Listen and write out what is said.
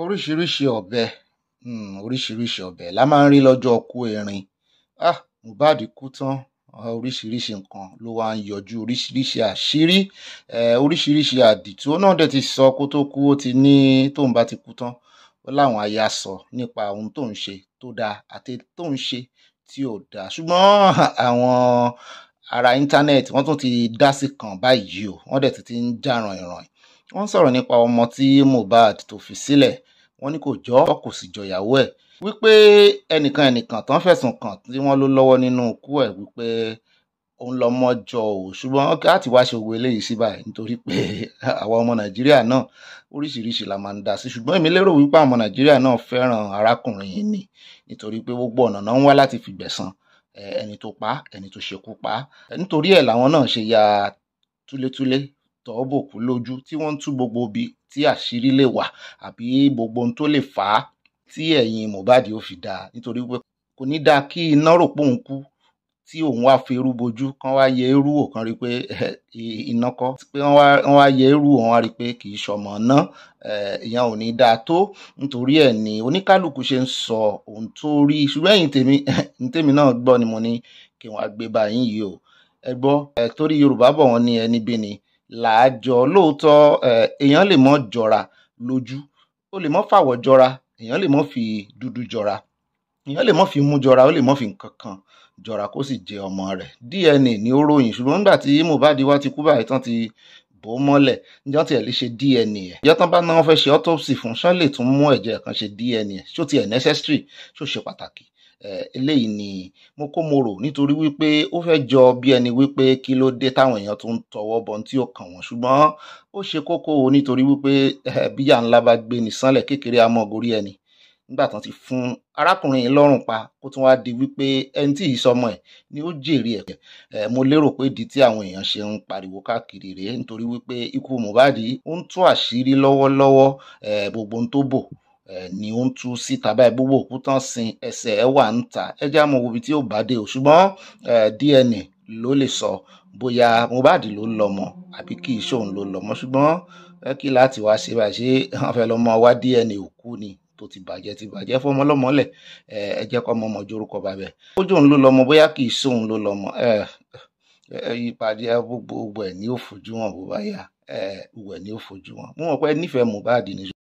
Oríṣiríṣi ọ̀bẹ um oríṣiríṣi ọ̀bẹ la má ń rí lọ́jọ́ ikú erin háà ah, Mohbad kú tán ah, oríṣiríṣi nǹkan ló wá ń yọjú oríṣiríṣi àṣírí um oríṣiríṣi àdììtú òhun náà dẹ̀ ti sọ kó tó kú ó ti ní tóun bá ti kú tán ó láwọn á yá sọ nípa ohun tóun ṣe tó da àti èyí tóun ṣe tí ò da ṣùgbọ́n àwọn ará íńtánẹ́ẹ̀tì wọ́n tún ti dá sí kan báyìí o wọ́n dẹ̀ tún ti ń jà rànyìnrànyìn wọ́n sọ̀rọ̀ nípa ọmọ tí Mohbad tó fi sílẹ̀ wọ́n ní kò jọ kò sì jọ ìyàwó ẹ̀ wípé ẹnìkan ẹnìkan tán fẹ̀sùn kàn tí wọ́n ló lọ́wọ́ nínú ikú ẹ̀ wípé òun lọmọ jọ ò ṣùgbọ́n láti wá ṣe òwe eléyìí sí báyìí nítorí pé àwa ọmọ nàìjíríà náà oríṣiríṣi la máa ń dá sí ṣùgbọ́n èmi lérò wípé àwọn nàìjíríà náà fẹ́ràn arákùnrin yìí ni nítorí pé gbogbo ọ̀nà náà ń wá láti fi gbẹ̀san ẹni tó pa ẹni tó ṣekú pa nítorí ẹ̀ làwọn náà ṣe ya túlétúlé tọ́ bòkú lójú tí wọ́n ń tú gbogbo ibi tí àṣírí lè wà àbí gbogbo ohun tó lè fà á tí ẹ̀yìn Mohbad ó fi dáa nítorí pé kò ní dáa kí iná rò pé òun kú tí òun wá fi eru bojú kán wá yẹ eru wò rí pé iná kọ́ pé wọ́n wá yẹ eru wọ́n wá rí pé kì í ṣọmọ ná ìyẹn ò ní dáa tó nítorí ẹ̀ ní oníkálukú ṣe ń sọ ohun tó rí ṣùgbọ́n ẹ̀yìn tèmi náà gbọ́ ni mo ní kí wọ́n á gbé báyìí yìí o ẹ gbọ́ torí Yorùbá bọ̀ wọ́n ní ẹni bí ni làájọ lóòótọ́ èèyàn lè mọ́ jọra lójú ó lè mọ́ fàwọ̀ jọra èèyàn lè mọ́ fi dúdú jọra èèyàn lè mọ́ fi mú jọra ó lè mọ́ fi nǹkan kan jọra kó sì jẹ ọmọ rẹ̀ DNA ni ó ròyìn ṣùgbọ́n nígbà tí Mohbad wá ti kú báyìí tán ti bò ó mọ́lẹ̀ níjọ́ tí ẹ̀ lè ṣe DNA ẹ̀ ìjọ́ tán bá náà wọ́n fẹ́ ṣe autopsy fún ṣán lè tún mú ẹ̀jẹ̀ kan ṣe DNA ẹ̀ ṣó ti ẹ̀ necessary ṣó ṣe pàtàkì Eh, eléyìí ni mo kó mo rò nítorí wípé ó fẹ́ jọ bí ẹni wípé kí ló dé táwọn èèyàn tó ń tọwọ́ bọ tí ó kàn wọ́n ṣùgbọ́n ó ṣe kókó o nítorí wípé eh, bíyà ńlá bá gbé ní kékeré á gorí ẹni nígbà tán ti fún arákùnrin yìí lọ́rùn pa kó tún wáá di wípé ẹni tí yìí sọmọ ẹ̀ ni ó jèrè ẹ̀ ẹ̀ eh, mo lérò pé ìdí tí àwọn èèyàn ṣe ń pariwo káàkiri rèé nítorí wípé ikú Mohbad ń tú àṣírí lọ́wọ́lọ́wọ́ gbogbo ohun tó bò ni ó ń tú síta báyìí gbogbo òkúta sin ẹsẹ̀ ẹ wà ń ta ẹ jẹ́ àmọ́ ibi tí ó bá dé o ṣùgbọ́n DNA ló lè sọ bóyá Mohbad ló lọ́mọ àbí kì í ṣòun ló lọ́mọ ṣùgbọ́n kí láti wá ṣe báyìí ṣé wọ́n fẹ́ lọ́mọ wá DNA òkú ni tó ti bàjẹ́ ti bàjẹ́ fọmọ lọ́mọ lẹ̀ ẹ jẹ́ kọ́ ọmọ ọmọ jorúkọ bàbẹ̀ ó jòun ló lọ́mọ bóyá kì í ṣòun ló lọ́mọ ìpàdé gbogbo ẹ̀ ní ó fojú wọn bó bá yá ìwẹ̀ ní ó fojú wọn mo mọ̀ pé nífẹ̀ẹ́ Mohbad ní